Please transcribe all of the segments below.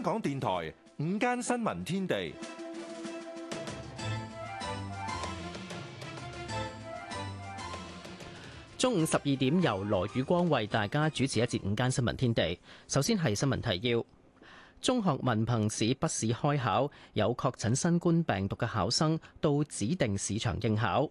香港電台午間新聞天地，中午十二點由羅宇光為大家主持一節午間新聞天地。首先係新聞提要：中學文憑試筆試開考，有確診新冠病毒嘅考生到指定市場應考。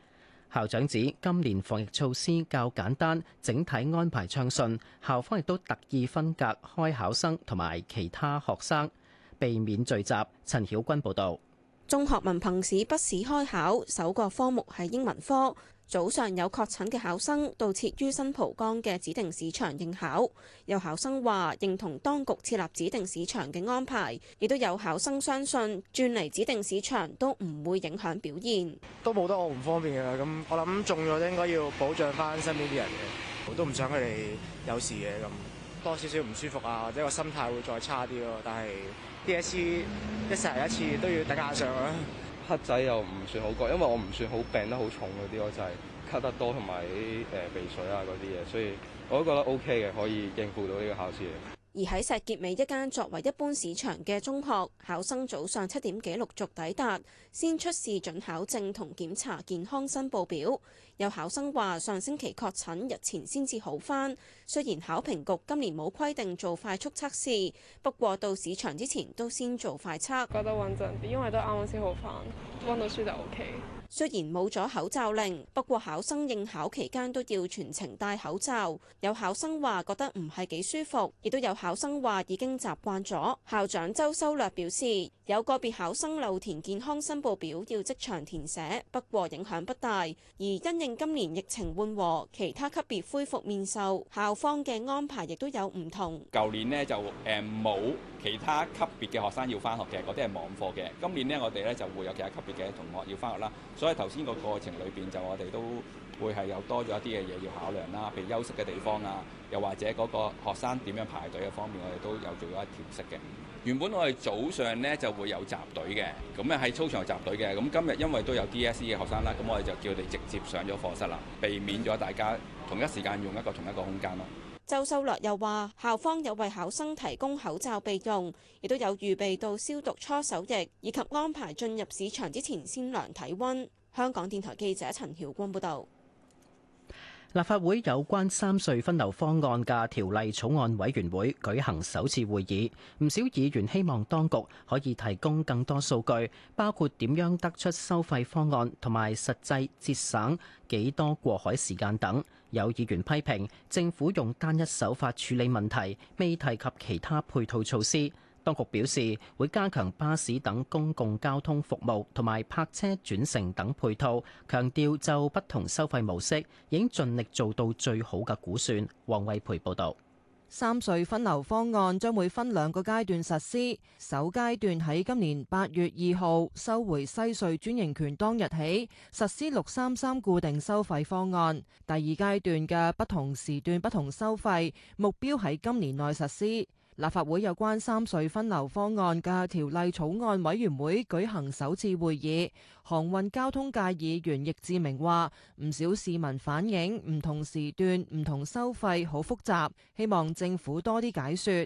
校長指今年防疫措施較簡單，整體安排暢順，校方亦都特意分隔開考生同埋其他學生，避免聚集。陳曉君報導。中學文憑試筆試開考，首個科目係英文科。早上有確診嘅考生到設於新蒲崗嘅指定市場應考。有考生話認同當局設立指定市場嘅安排，亦都有考生相信轉嚟指定市場都唔會影響表現。都冇得我唔方便嘅啦。咁我諗中咗應該要保障翻身邊啲人嘅，我都唔想佢哋有事嘅咁。多少少唔舒服啊，或者個心態會再差啲咯。但係。第一次一成一次都要大家上啦。黑仔又唔算好過，因為我唔算好病得好重嗰啲，我就係咳得多同埋誒鼻水啊嗰啲嘢，所以我都覺得 O K 嘅，可以應付到呢個考試。而喺石硤尾一間作為一般市場嘅中學，考生早上七點幾陸續抵達，先出示准考證同檢查健康申報表。有考生話：上星期確診，日前先至好返。雖然考評局今年冇規定做快速測試，不過到市場之前都先做快測。覺得穩陣啲，因為都啱啱先好返，溫到書就 OK。雖然冇咗口罩令，不過考生應考期間都要全程戴口罩。有考生話覺得唔係幾舒服，亦都有考生話已經習慣咗。校長周修略表示。有個別考生漏填健康申報表，要即場填寫，不過影響不大。而因應今年疫情緩和，其他級別恢復面授，校方嘅安排亦都有唔同。舊年呢就誒，冇其他級別嘅學生要翻學嘅，嗰啲係網課嘅。今年呢，我哋咧就會有其他級別嘅同學要翻學啦，所以頭先個過程裏邊就我哋都會係有多咗一啲嘅嘢，要考量啦，譬如休息嘅地方啊，又或者嗰個學生點樣排隊嘅方面，我哋都有做咗一調息嘅。原本我哋早上呢就會有集隊嘅，咁啊喺操場集隊嘅。咁今日因為都有 DSE 嘅學生啦，咁我哋就叫佢哋直接上咗課室啦，避免咗大家同一時間用一個同一個空間咯。周秀樂又話：校方有為考生提供口罩備用，亦都有預備到消毒搓手液，以及安排進入市場之前先量體温。香港電台記者陳曉君報道。立法會有關三隧分流方案嘅條例草案委員會舉行首次會議，唔少議員希望當局可以提供更多數據，包括點樣得出收費方案，同埋實際節省幾多過海時間等。有議員批評政府用單一手法處理問題，未提及其他配套措施。當局表示會加強巴士等公共交通服務同埋泊車轉乘等配套，強調就不同收費模式，已經盡力做到最好嘅估算。黃偉培報導。三隧分流方案將會分兩個階段實施，首階段喺今年八月二號收回西隧專營權當日起實施六三三固定收費方案，第二階段嘅不同時段不同收費目標喺今年內實施。立法會有關三隧分流方案嘅條例草案委員會舉行首次會議，航運交通界議員易志明話：唔少市民反映，唔同時段、唔同收費好複雜，希望政府多啲解說。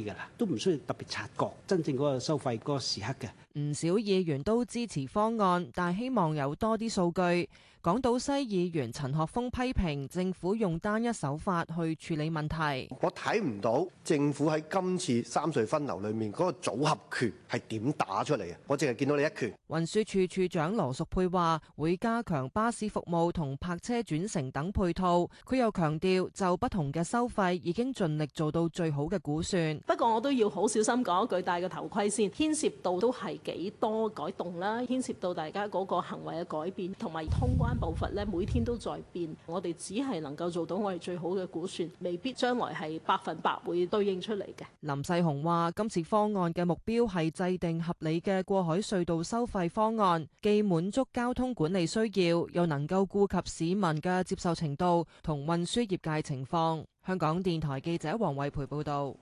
都唔需要特別察覺，真正嗰個收費嗰個時刻嘅。唔少議員都支持方案，但係希望有多啲數據。港島西議員陳學鋒批評政府用單一手法去處理問題。我睇唔到政府喺今次三隧分流裏面嗰個組合拳係點打出嚟嘅。我淨係見到你一拳。運輸署署長羅淑佩話會加強巴士服務同泊車轉乘等配套。佢又強調就不同嘅收費已經盡力做到最好嘅估算。不過我都要好小心講一句戴個頭盔先，牽涉到都係幾多改動啦，牽涉到大家嗰個行為嘅改變同埋通關。部分呢每天都在變，我哋只係能夠做到我哋最好嘅估算，未必將來係百分百會對應出嚟嘅。林世雄話，今次方案嘅目標係制定合理嘅過海隧道收費方案，既滿足交通管理需要，又能夠顧及市民嘅接受程度同運輸業界情況。香港電台記者黃慧培報道。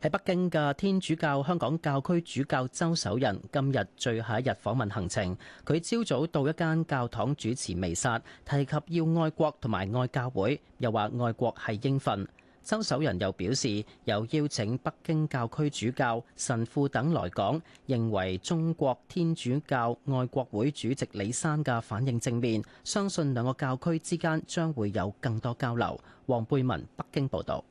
喺北京嘅天主教香港教區主教周守仁今日最後一日訪問行程，佢朝早到一間教堂主持彌撒，提及要愛國同埋愛教會，又話愛國係應份。周守仁又表示，又邀請北京教區主教神父等來港，認為中國天主教愛國會主席李山嘅反應正面，相信兩個教區之間將會有更多交流。黃貝文北京報道。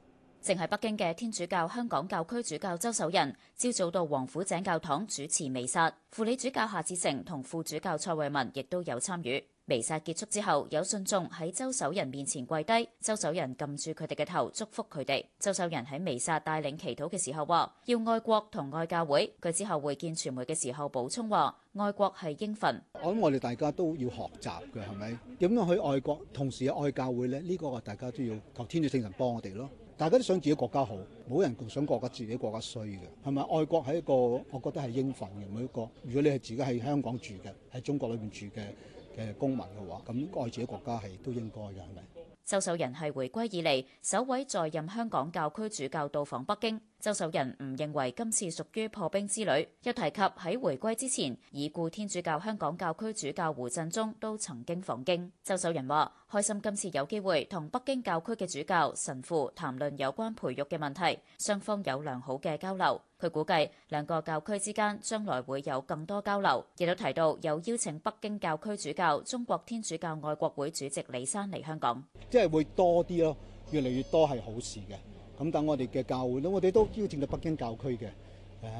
淨係北京嘅天主教香港教區主教周守仁朝早到王府井教堂主持彌撒，輔理主教夏志誠同副主教蔡慧文亦都有參與彌撒結束之後，有信眾喺周守仁面前跪低，周守仁撳住佢哋嘅頭，祝福佢哋。周守仁喺彌撒帶領祈禱嘅時候話要愛國同愛教會。佢之後會見傳媒嘅時候補充話愛國係應份，我諗我哋大家都要學習嘅係咪？點樣去愛國，同時又愛教會呢，呢、呢個大家都要求天主聖神幫我哋咯。大家都想自己國家好，冇人想國家自己國家衰嘅，係咪？愛國係一個我覺得係應份嘅每一個。如果你係自己喺香港住嘅，喺中國裏邊住嘅嘅公民嘅話，咁愛自己國家係都應該嘅，係咪？周守仁係回歸以嚟首位在任香港教區主教到訪北京。周守仁唔認為今次屬於破冰之旅。一提及喺回歸之前，已故天主教香港教區主教胡振中都曾經訪京。周守仁話：開心今次有機會同北京教區嘅主教神父談論有關培育嘅問題，雙方有良好嘅交流。佢估計兩個教區之間將來會有更多交流。亦都提到有邀請北京教區主教、中國天主教愛國會主席李山嚟香港，即係會多啲咯，越嚟越多係好事嘅。咁等我哋嘅教會，咁我哋都邀請到北京教區嘅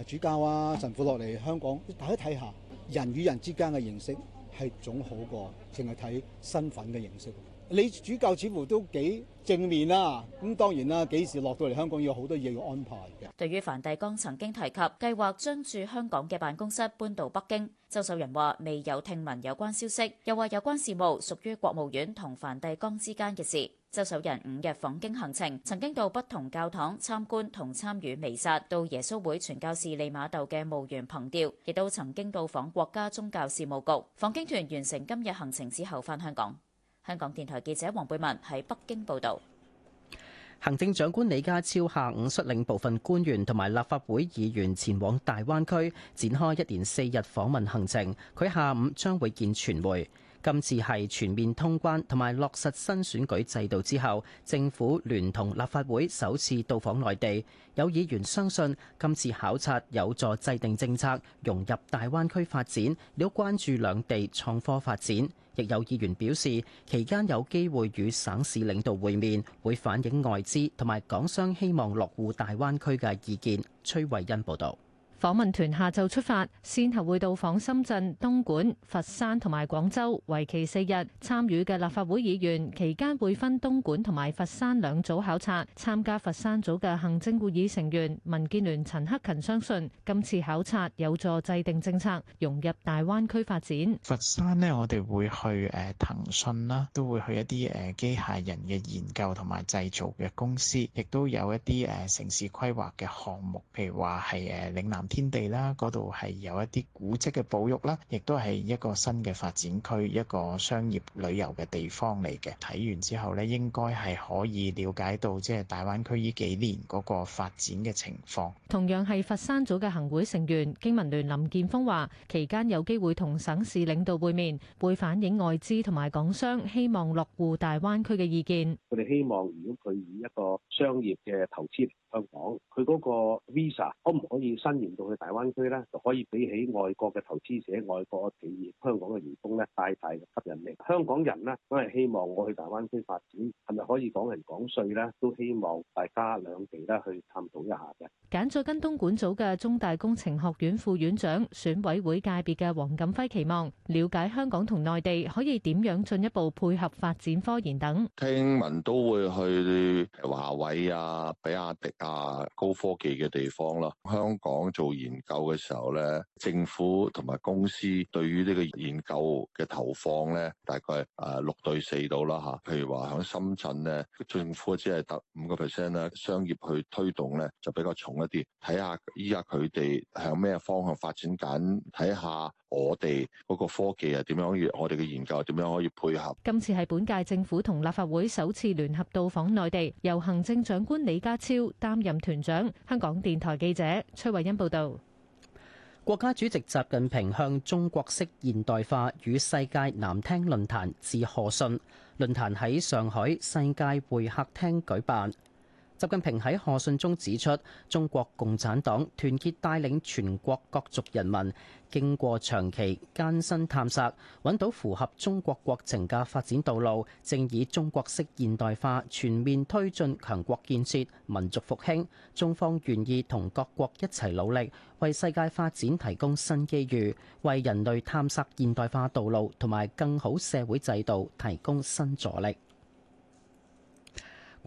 誒主教啊神父落嚟香港，大家睇下人與人之間嘅認識係總好過淨係睇身份嘅認識。你主教似乎都幾正面啦，咁當然啦，幾時落到嚟香港要好多嘢要安排嘅。對於梵蒂岡曾經提及計劃將駐香港嘅辦公室搬到北京，周守仁話未有聽聞有關消息，又話有關事務屬於國務院同梵蒂岡之間嘅事。周守仁五日訪京行程曾經到不同教堂參觀同參與彌撒，到耶穌會傳教士利瑪竇嘅墓園憑吊，亦都曾經到訪國家宗教事務局。訪京團完成今日行程之後，翻香港。香港電台記者黃貝文喺北京報道。行政長官李家超下午率領部分官員同埋立法會議員前往大灣區展開一連四日訪問行程，佢下午將會見傳媒。今次係全面通關同埋落實新選舉制度之後，政府聯同立法會首次到訪內地。有議員相信今次考察有助制定政策融入大灣區發展，亦都關注兩地創科發展。亦有議員表示，期間有機會與省市領導會面，會反映外資同埋港商希望落戶大灣區嘅意見。崔惠恩報道。訪問團下晝出發，先後會到訪深圳、東莞、佛山同埋廣州，為期四日。參與嘅立法會議員期間會分東莞同埋佛山兩組考察。參加佛山組嘅行政會議成員民建聯陳克勤相信，今次考察有助制定政策融入大灣區發展。佛山呢，我哋會去誒騰訊啦，都會去一啲誒機械人嘅研究同埋製造嘅公司，亦都有一啲誒城市規劃嘅項目，譬如話係誒嶺南。天地啦，嗰度係有一啲古蹟嘅保育啦，亦都係一個新嘅發展區，一個商業旅遊嘅地方嚟嘅。睇完之後咧，應該，係可以了解到即係大灣區呢幾年嗰個發展嘅情況。同樣，係佛山組嘅行會成員經民聯林健鋒話，期間有機會同省市領導會面，會反映外資同埋港商希望落戶大灣區嘅意見。我哋希望，如果佢以一個商業嘅投資。香港佢嗰個 visa 可唔可以伸延到去大灣區咧？就可以比起外國嘅投資者、外國企業香港嘅員工咧，大大吸引力。香港人咧都係希望我去大灣區發展，係咪可以講人講稅咧？都希望大家兩地咧去探討一下嘅。揀咗跟東莞組嘅中大工程學院副院長選委會界別嘅黃錦輝期望了解香港同內地可以點樣進一步配合發展科研等。聽聞都會去華為啊、比亞迪。啊，高科技嘅地方啦，香港做研究嘅時候咧，政府同埋公司對於呢個研究嘅投放咧，大概誒六對四度啦吓，譬如話響深圳咧，政府只係得五個 percent 啦，商業去推動咧就比較重一啲。睇下依家佢哋向咩方向發展緊，睇下我哋嗰個科技啊，點樣，我哋嘅研究點樣可以配合。今次係本屆政府同立法會首次聯合到訪內地，由行政長官李家超擔任團長，香港電台記者崔慧欣報道。國家主席習近平向中國式現代化與世界藍廳論壇致賀信。論壇喺上海世界會客廳舉辦。習近平喺賀信中指出，中國共產黨團結帶領全國各族人民，經過長期艱辛探索，揾到符合中國國情嘅發展道路，正以中國式現代化全面推進強國建設、民族復興，中方願意同各國一齊努力，為世界發展提供新機遇，為人類探索現代化道路同埋更好社會制度提供新助力。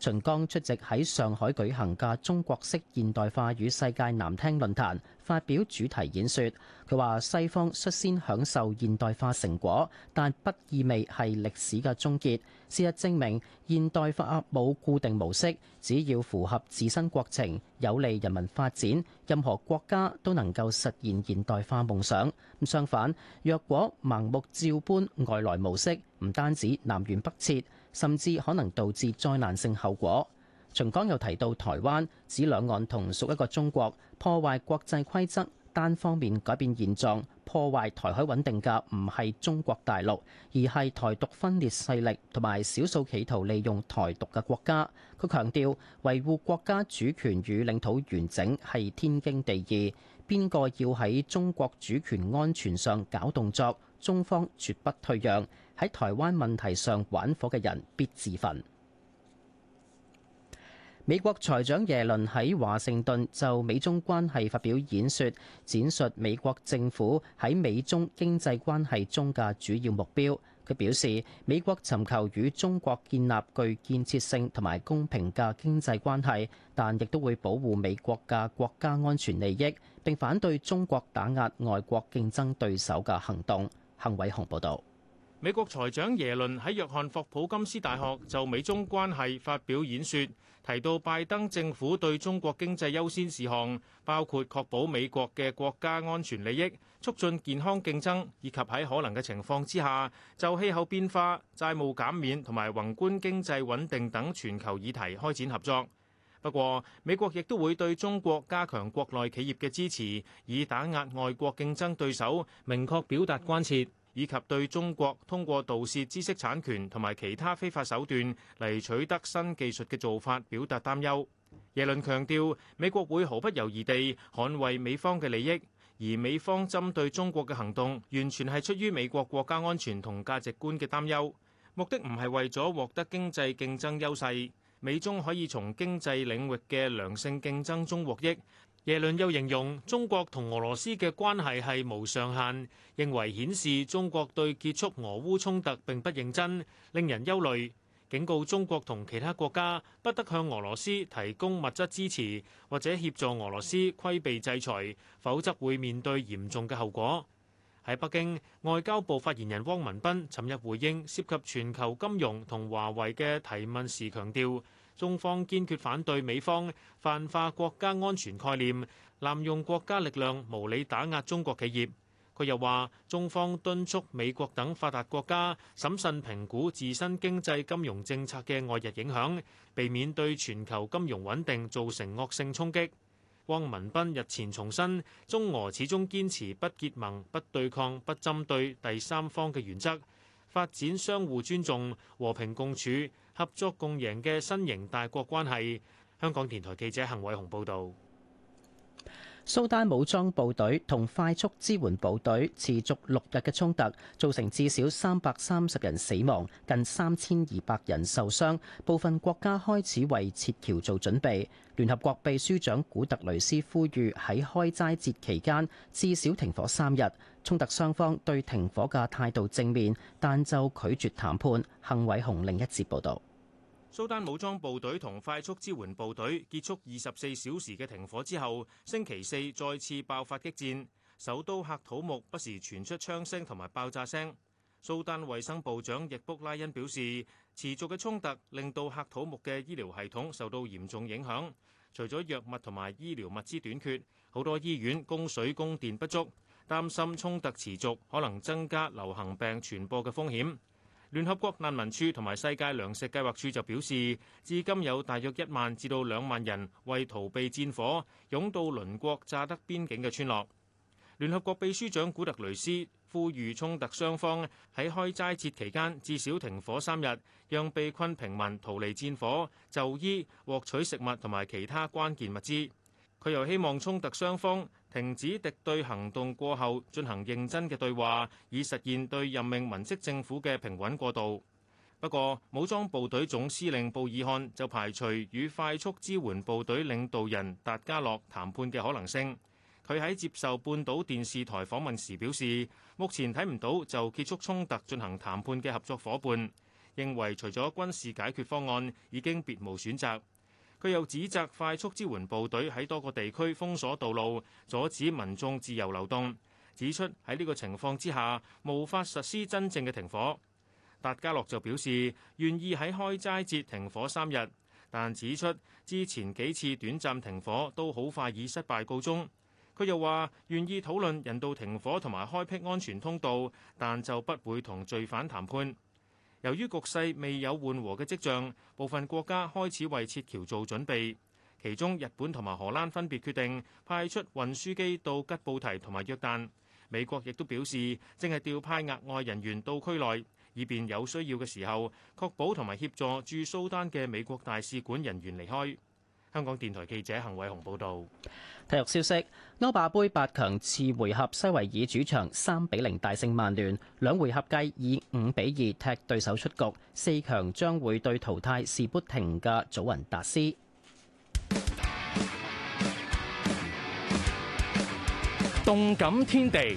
秦剛出席喺上海舉行嘅中國式現代化與世界藍廳論壇發表主題演說，佢話西方率先享受現代化成果，但不意味係歷史嘅終結。事實證明，現代化冇固定模式，只要符合自身國情，有利人民發展，任何國家都能夠實現現代化夢想。咁相反，若果盲目照搬外來模式，唔單止南轅北轍，甚至可能導致災難性後果。秦剛又提到，台灣指兩岸同屬一個中國，破壞國際規則，單方面改變現狀，破壞台海穩定嘅，唔係中國大陸，而係台獨分裂勢力同埋少數企圖利用台獨嘅國家。佢強調，維護國家主權與領土完整係天經地義，邊個要喺中國主權安全上搞動作，中方絕不退讓。喺台灣問題上玩火嘅人必自焚。美國財長耶倫喺華盛頓就美中關係發表演說，展述美國政府喺美中經濟關係中嘅主要目標。佢表示，美國尋求與中國建立具建設性同埋公平嘅經濟關係，但亦都會保護美國嘅國家安全利益，並反對中國打壓外國競爭對手嘅行動。幸偉雄報道。美國財長耶倫喺約翰霍普金斯大學就美中關係發表演說，提到拜登政府對中國經濟優先事項，包括確保美國嘅國家安全利益、促進健康競爭，以及喺可能嘅情況之下就氣候變化、債務減免同埋宏觀經濟穩定等全球議題開展合作。不過，美國亦都會對中國加強國內企業嘅支持，以打壓外國競爭對手，明確表達關切。以及對中國通過盜竊知識產權同埋其他非法手段嚟取得新技術嘅做法表達擔憂。耶倫強調，美國會毫不猶豫地捍衛美方嘅利益，而美方針對中國嘅行動完全係出於美國國家安全同價值觀嘅擔憂，目的唔係為咗獲得經濟競爭優勢。美中可以從經濟領域嘅良性競爭中獲益。耶倫又形容中國同俄羅斯嘅關係係無上限，認為顯示中國對結束俄烏衝突並不認真，令人憂慮。警告中國同其他國家不得向俄羅斯提供物質支持或者協助俄羅斯規避制裁，否則會面對嚴重嘅後果。喺北京，外交部發言人汪文斌尋日回應涉及全球金融同華為嘅提問時強調，中方堅決反對美方泛化國家安全概念、濫用國家力量無理打壓中國企業，佢又話中方敦促美國等發達國家審慎評估自身經濟金融政策嘅外溢影響，避免對全球金融穩定造成惡性衝擊。汪文斌日前重申，中俄始終堅持不結盟、不對抗、不針對第三方嘅原則，發展相互尊重、和平共處，合作共贏嘅新型大國關係，香港電台記者恆偉雄報道。蘇丹武裝部隊同快速支援部隊持續六日嘅衝突，造成至少三百三十人死亡，近三千二百人受傷，部分國家開始為撤僑做準備，聯合國秘書長古特雷斯呼籲喺開齋節期間至少停火三日。衝突雙方對停火嘅態度正面，但就拒絕談判。幸偉雄另一節報道。蘇丹武裝部隊同快速支援部隊結束二十四小時嘅停火之後，星期四再次爆發激戰，首都喀土穆不時傳出槍聲同埋爆炸聲。蘇丹衛生部長易卜拉恩表示，持續嘅衝突令到喀土穆嘅醫療系統受到嚴重影響，除咗藥物同埋醫療物資短缺，好多醫院供水供電不足，擔心衝突持續可能增加流行病傳播嘅風險。聯合國難民署同埋世界糧食計劃署就表示，至今有大約一萬至到兩萬人為逃避戰火，湧到鄰國乍得邊境嘅村落。聯合國秘書長古特雷斯呼籲衝突雙方喺開齋節期間至少停火三日，讓被困平民逃離戰火、就醫、獲取食物同埋其他關鍵物資。佢又希望衝突雙方，停止敵對行動過後，進行認真嘅對話，以實現對任命文職政府嘅平穩過渡。不過，武裝部隊總司令布爾漢就排除與快速支援部隊領導人達加洛談判嘅可能性。佢喺接受半島電視台訪問時表示，目前睇唔到就結束衝突進行談判嘅合作伙伴，認為除咗軍事解決方案，已經別無選擇。佢又指責快速支援部隊喺多個地區封鎖道路，阻止民眾自由流動，指出喺呢個情況之下，無法實施真正嘅停火。達加洛就表示願意喺開齋節停火三日，但指出之前幾次短暫停火都好快以失敗告終。佢又話願意討論人道停火同埋開闢安全通道，但就不會同罪犯談判。由於局勢未有緩和嘅跡象，部分國家開始為撤僑做準備。其中，日本同埋荷蘭分別決定派出運輸機到吉布提同埋約旦。美國亦都表示，正係調派額外人員到區內，以便有需要嘅時候確保同埋協助駐蘇丹嘅美國大使館人員離開。香港電台記者邢偉雄報道。體育消息：歐霸盃八強次回合，西維爾主場三比零大勝曼聯，兩回合計以五比二踢對手出局。四強將會對淘汰士砵亭嘅祖雲達斯。動感天地。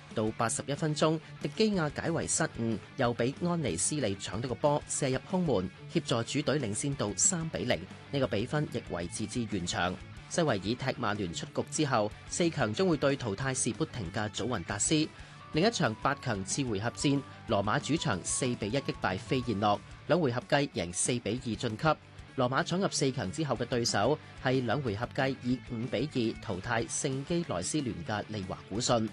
到八十一分鐘，迪基亞解圍失誤，又俾安尼斯利搶到個波射入空門，協助主隊領先到三比零。呢個比分亦維持至完場。西維爾踢曼聯出局之後，四強將會對淘汰士砵亭嘅祖雲達斯。另一場八強次回合戰，羅馬主場四比一擊敗飛燕諾，兩回合計贏四比二晉級。羅馬闖入四強之後嘅對手係兩回合計以五比二淘汰聖基萊斯聯嘅利華古信。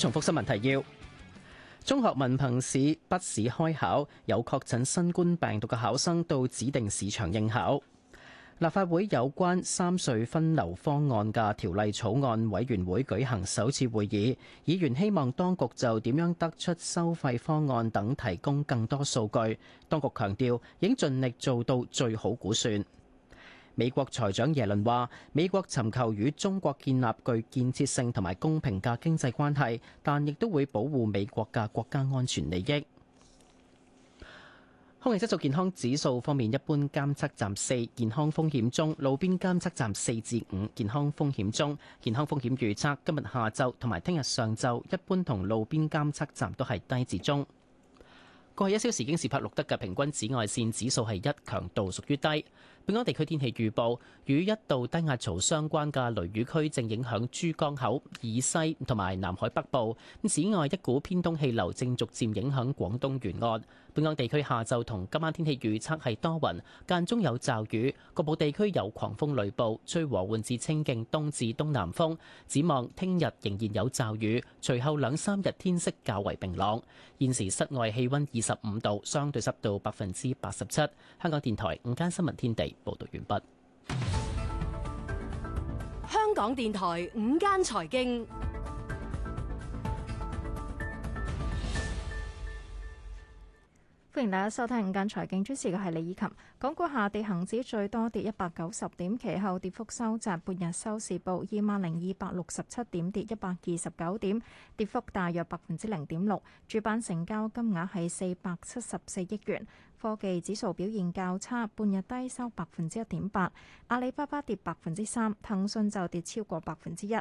重複新聞提要：中學文憑試筆試開考，有確診新冠病毒嘅考生到指定市場應考。立法會有關三隧分流方案嘅條例草案委員會舉行首次會議，議員希望當局就點樣得出收費方案等提供更多數據。當局強調應盡力做到最好估算。美國財長耶倫話：美國尋求與中國建立具建設性同埋公平嘅經濟關係，但亦都會保護美國嘅國家安全利益。空氣質素健康指數方面，一般監測站四健康風險中，路邊監測站四至五健康風險中。健康風險預測今日下晝同埋聽日上晝一般同路邊監測站都係低至中。過去一小時京士柏錄得嘅平均紫外線指數係一，強度屬於低。本港地區天氣預報，與一道低壓槽相關嘅雷雨區正影響珠江口以西同埋南海北部。此外，一股偏東氣流正逐漸影響廣東沿岸。本港地區下晝同今晚天氣預測係多雲，間中有驟雨，局部地區有狂風雷暴，吹和緩至清勁東至東南風。展望聽日仍然有驟雨，隨後兩三日天色較為明朗。現時室外氣温二十五度，相對濕度百分之八十七。香港電台午間新聞天地報道完畢。香港電台午間財經。歡迎大家收聽《午間財經》。主持嘅係李以琴。港股下跌，恒指最多跌一百九十點，其後跌幅收窄，半日收市報二萬零二百六十七點，跌一百二十九點，跌幅大約百分之零點六。主板成交金額係四百七十四億元。科技指數表現較差，半日低收百分之一點八。阿里巴巴跌百分之三，騰訊就跌超過百分之一。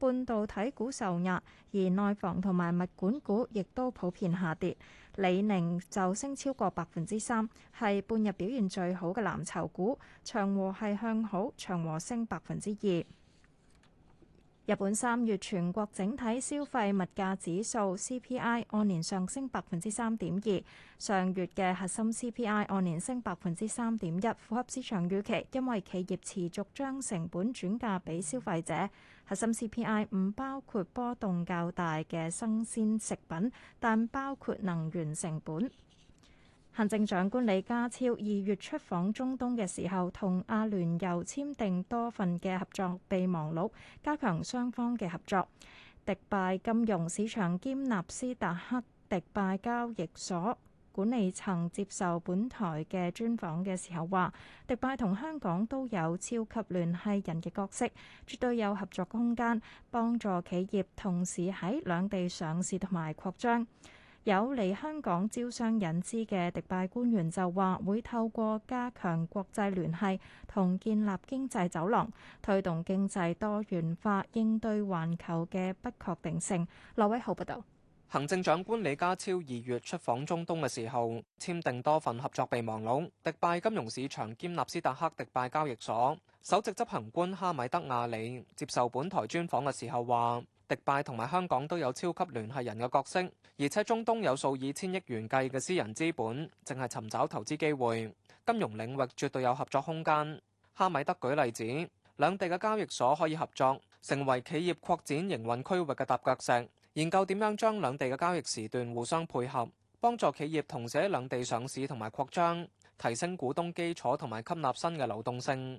半導體股受壓，而內房同埋物管股亦都普遍下跌。李寧就升超過百分之三，係半日表現最好嘅藍籌股。長和係向好，長和升百分之二。日本三月全國整體消費物價指數 CPI 按年上升百分之三點二，上月嘅核心 CPI 按年升百分之三點一，符合市場預期。因為企業持續將成本轉嫁俾消費者，核心 CPI 唔包括波動較大嘅生鮮食品，但包括能源成本。行政長官李家超二月出訪中東嘅時候，同阿聯酋簽訂多份嘅合作備忘錄，加強雙方嘅合作。迪拜金融市場兼納斯達克迪拜交易所管理層接受本台嘅專訪嘅時候話，迪拜同香港都有超級聯繫人嘅角色，絕對有合作空間，幫助企業同時喺兩地上市同埋擴張。有嚟香港招商引資嘅迪拜官員就話會透過加強國際聯繫同建立經濟走廊，推動經濟多元化，應對環球嘅不確定性。羅偉豪報道。行政長官李家超二月出訪中東嘅時候，簽訂多份合作備忘錄，迪拜金融市場兼納斯達克迪拜交易所首席執行官哈米德亞里接受本台專訪嘅時候話。迪拜同埋香港都有超級聯繫人嘅角色，而且中東有數以千億元計嘅私人資本，淨係尋找投資機會。金融領域絕對有合作空間。哈米德舉例子，兩地嘅交易所可以合作，成為企業擴展營運區域嘅踏腳石。研究點樣將兩地嘅交易時段互相配合，幫助企業同時喺兩地上市同埋擴張，提升股東基礎同埋吸納新嘅流動性。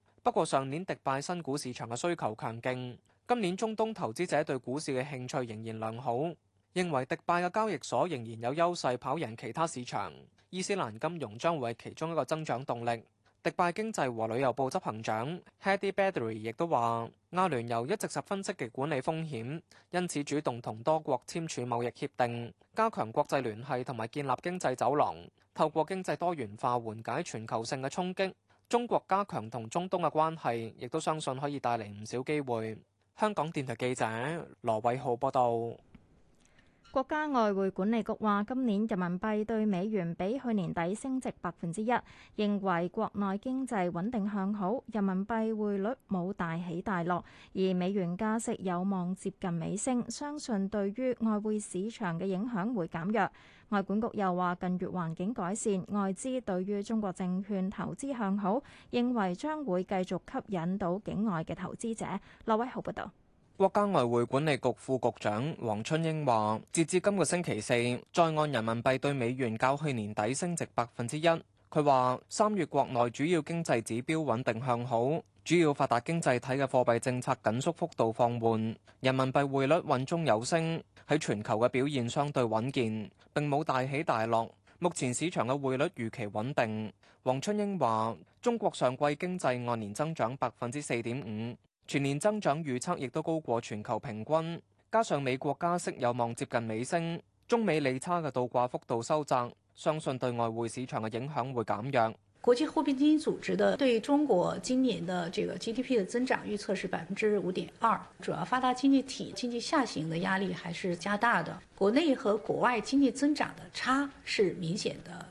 不過上年迪拜新股市場嘅需求強勁，今年中東投資者對股市嘅興趣仍然良好，認為迪拜嘅交易所仍然有優勢跑贏其他市場。伊斯蘭金融將會係其中一個增長動力。迪拜經濟和旅遊部執行長 Hadi Badri 亦都話，阿聯酋一直十分積極管理風險，因此主動同多國簽署貿易協定，加強國際聯繫同埋建立經濟走廊，透過經濟多元化緩解全球性嘅衝擊。中國加強同中東嘅關係，亦都相信可以帶嚟唔少機會。香港電台記者羅偉浩報道。國家外匯管理局話，今年人民幣對美元比去年底升值百分之一，認為國內經濟穩定向好，人民幣匯率冇大起大落，而美元加息有望接近尾聲，相信對於外匯市場嘅影響會減弱。外管局又話，近月環境改善，外資對於中國證券投資向好，認為將會繼續吸引到境外嘅投資者。羅偉豪報導。國家外匯管理局副局長黃春英話，截至今個星期四，在岸人民幣對美元較去年底升值百分之一。佢話，三月國內主要經濟指標穩定向好，主要發達經濟體嘅貨幣政策緊縮幅度放緩，人民幣匯率穩中有升，喺全球嘅表現相對穩健，並冇大起大落。目前市場嘅匯率預期穩定。黃春英話，中國上季經濟按年增長百分之四點五。全年增長預測亦都高過全球平均，加上美國加息有望接近尾聲，中美利差嘅倒掛幅度收窄，相信對外匯市場嘅影響會減弱。國際貨幣基金組織的對中國今年的這個 GDP 嘅增長預測是百分之五點二，主要發達經濟體經濟下行嘅壓力還是加大的，國內和國外經濟增長的差是明顯的。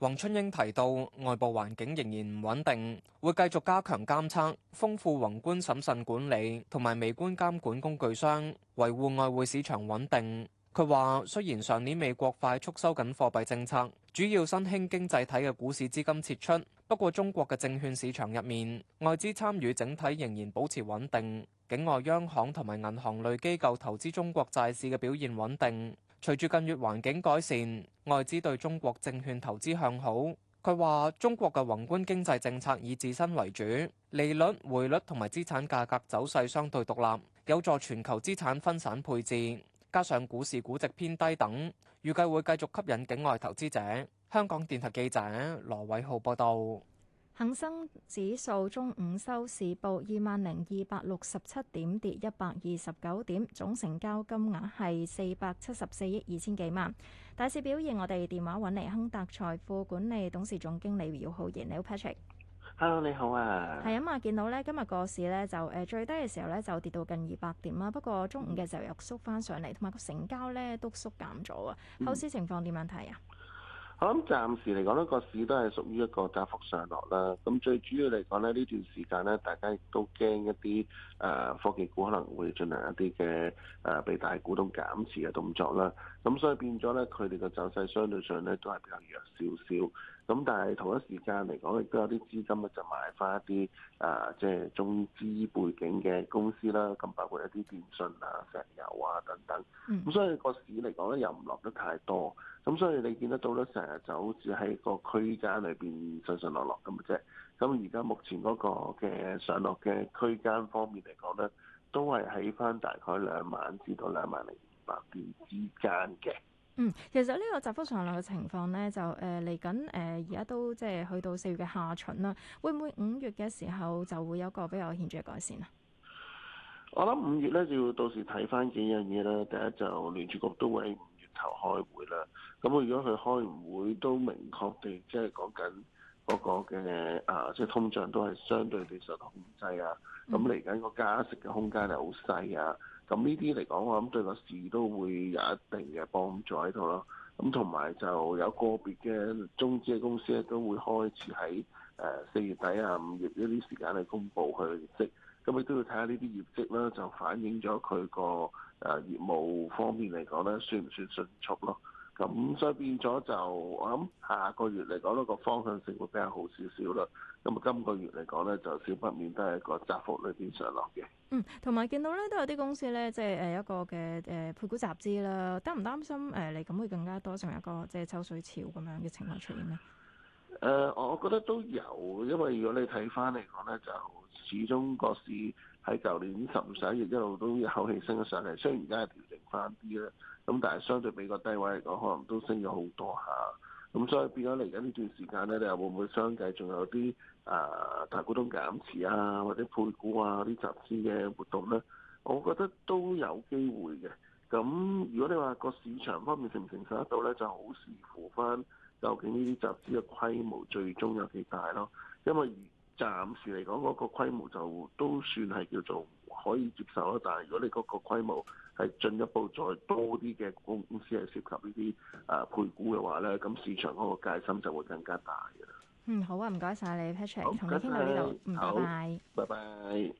王春英提到，外部環境仍然唔穩定，會繼續加強監測，豐富宏觀審慎管理同埋微觀監管工具箱，維護外匯市場穩定。佢話，雖然上年美國快速收緊貨幣政策，主要新興經濟體嘅股市資金撤出，不過中國嘅證券市場入面，外資參與整體仍然保持穩定，境外央行同埋銀行類機構投資中國債市嘅表現穩定。隨住近月環境改善，外資對中國證券投資向好。佢話，中國嘅宏觀經濟政策以自身為主，利率、匯率同埋資產價格走勢相對獨立，有助全球資產分散配置，加上股市估值偏低等，預計會繼續吸引境外投資者。香港電台記者羅偉浩報導。恒生指數中午收市報二萬零二百六十七點，跌一百二十九點，總成交金額係四百七十四億二千幾萬。大市表現，我哋電話揾嚟，亨達財富管理董事總經理姚浩然，你好 Patrick。Hello，你好啊。係啊嘛，見到呢今日個市呢，就誒、呃、最低嘅時候呢，就跌到近二百點啦，不過中午嘅時候又縮翻上嚟，同埋個成交呢，都縮減咗啊。後市情況點樣睇啊？我諗暫時嚟講，呢個市都係屬於一個大幅上落啦。咁最主要嚟講咧，呢段時間咧，大家亦都驚一啲誒科技股可能會進行一啲嘅誒被大股東減持嘅動作啦。咁所以變咗咧，佢哋嘅走勢相對上咧都係比較弱少少。咁但係同一時間嚟講，亦都有啲資金啊，就買翻一啲啊，即係中資背景嘅公司啦，咁包括一啲電信啊、石油啊等等。咁所以個市嚟講咧，又唔落得太多，咁所以你見得到咧，成日就好似喺個區間裏邊上上落落咁嘅啫。咁而家目前嗰個嘅上落嘅區間方面嚟講咧，都係喺翻大概兩萬至到兩萬零二百點之間嘅。嗯，其實呢個集福上量嘅情況咧，就誒嚟緊誒而家都即係去到四月嘅下旬啦。會唔會五月嘅時候就會有一個比較顯著嘅改善啊？我諗五月咧，就要到時睇翻幾樣嘢啦。第一就聯儲局都會喺五月頭開會啦。咁如果佢開完會都明確地即係講緊嗰個嘅啊，即係通脹都係相對地受到控制啊。咁嚟緊個加息嘅空間係好細啊。咁呢啲嚟講，我諗對個市都會有一定嘅幫助喺度咯。咁同埋就有個別嘅中資嘅公司咧，都會開始喺誒四月底啊、五月一啲時間嚟公布佢嘅業績。咁你都要睇下呢啲業績啦，就反映咗佢個誒業務方面嚟講咧，算唔算迅速咯？咁、嗯、所以變咗就，我諗下個月嚟講咧，個方向性會比較好少少啦。咁啊，今個月嚟講呢就少不免都係一個窄幅裏邊上落嘅。嗯，同埋見到呢都有啲公司呢，即係一個嘅、呃、配股集資啦，擔唔擔心誒嚟緊會更加多，成為一個即係抽水潮咁樣嘅情況出現呢？誒、呃，我覺得都有，因為如果你睇翻嚟講呢，就始終個市喺舊年十五十一月一路都一口氣升咗上嚟，雖然而家係調整翻啲啦。咁但係相對比個低位嚟講，可能都升咗好多嚇。咁所以變咗嚟緊呢段時間咧，你又會唔會相繼仲有啲誒、呃、大股東減持啊，或者配股啊啲集資嘅活動咧？我覺得都有機會嘅。咁如果你話個市場方面承唔承受得到咧，就好視乎翻究竟呢啲集資嘅規模最終有幾大咯。因為暫時嚟講嗰個規模就都算係叫做可以接受啦。但係如果你嗰個規模，係進一步再多啲嘅公司係涉及呢啲啊配股嘅話咧，咁市場嗰個戒心就會更加大嘅。嗯，好啊，唔該晒你 Patrick，同好你傾到呢度，唔好拜拜。拜拜。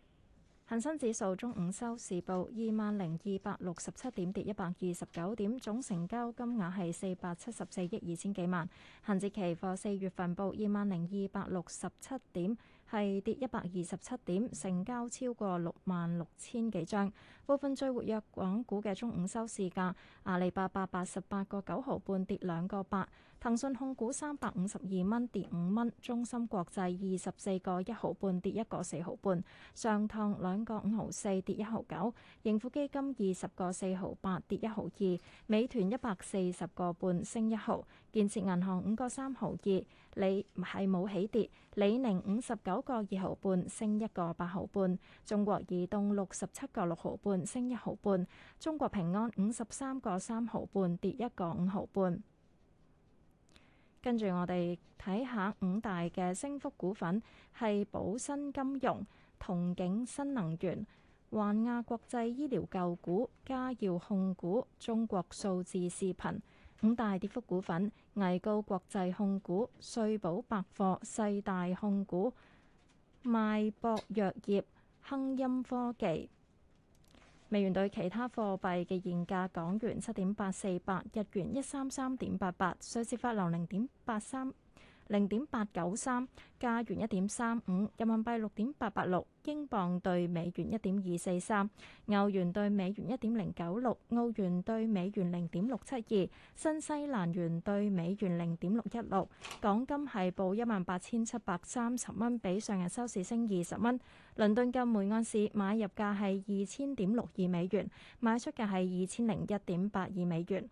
恆生指數中午收市報二萬零二百六十七點，跌一百二十九點，總成交金額係四百七十四億二千幾萬。恒指期貨四月份報二萬零二百六十七點。係跌一百二十七點，成交超過六萬六千幾張。部分最活躍港股嘅中午收市價，阿里巴巴八十八個九毫半跌兩個八。騰訊控股三百五十二蚊跌五蚊，中芯國際二十四個一毫半跌一個四毫半，上堂兩個五毫四跌一毫九，盈富基金二十個四毫八跌一毫二，美團一百四十個半升一毫，建設銀行五個三毫二，你係冇起跌，李寧五十九個二毫半升一個八毫半，中國移動六十七個六毫半升一毫半，中國平安五十三個三毫半跌一個五毫半。跟住我哋睇下五大嘅升幅股份，係寶新金融、同景新能源、環亞國際醫療舊股、嘉耀控股、中國數字視頻；五大跌幅股份：危高國際控股、瑞寶百貨、世大控股、邁博藥業、亨鑫科技。美元兌其他貨幣嘅現價，港元七點八四八，日元一三三點八八，瑞士法郎零點八三。零點八九三加元，一點三五人民幣，六點八八六英鎊對美元，一點二四三歐元對美元，一點零九六澳元對美元，零點六七二新西蘭元對美元，零點六一六，港金係報一萬八千七百三十蚊，18, 30，比上日收市升二十蚊。倫敦嘅每盎司買入價係二千點六二美元，買出價係二千零一點八二美元。